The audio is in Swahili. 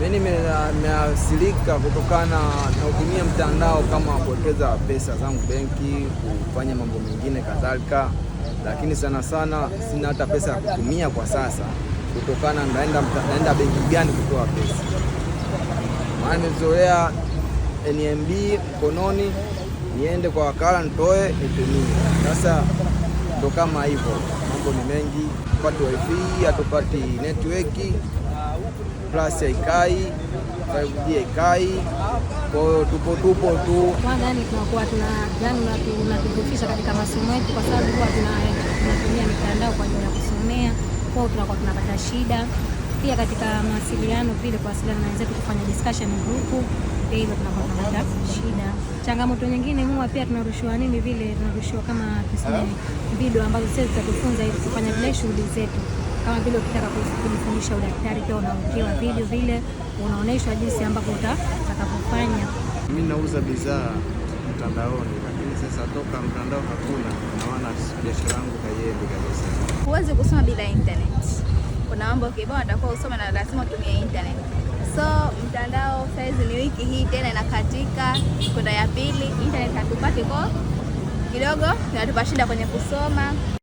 mimi nimeasilika kutokana na kutumia mtandao kama kuwekeza pesa zangu benki, kufanya mambo mengine kadhalika, lakini sana sana sina hata pesa ya kutumia kwa sasa, kutokana naenda, naenda benki gani kutoa pesa, maana nimezoea NMB e mkononi, niende kwa wakala nitoe nitumie. Sasa ndo kama hivyo, mambo ni mengi, hatupati wifi, hatupati network plus haikai ikai Kwa hiyo tupo tupo tu, yaani tunakuwa tunatujifisha katika masomo yetu, kwa sababu huwa tunatumia mitandao kwa ajili ya kusomea, kwa hiyo tunakuwa tunapata shida pia katika mawasiliano vile, kuwasiliana na wenzetu, kufanya discussion group, hivyo tunakuwa tunapata shida. Changamoto nyingine huwa pia tunarushiwa nini vile, tunarushiwa kama tuseme video ambazo sisi tutakufunza ili kufanya vile shughuli zetu, kama vile ukitaka kujifundisha udaktari pia unawekewa video vile, unaonyeshwa jinsi ambavyo utakapofanya. Mimi nauza bidhaa mtandaoni, lakini sasa toka mtandao hakuna, na biashara yangu haiendi kabisa. Huwezi kusoma bila internet, kuna mambo kibao atakuwa usome na lazima utumie internet, so mtandao wiki hii tena inakatika kwenda ya pili, internet hatupati, kwa kidogo inatupa shida kwenye kusoma.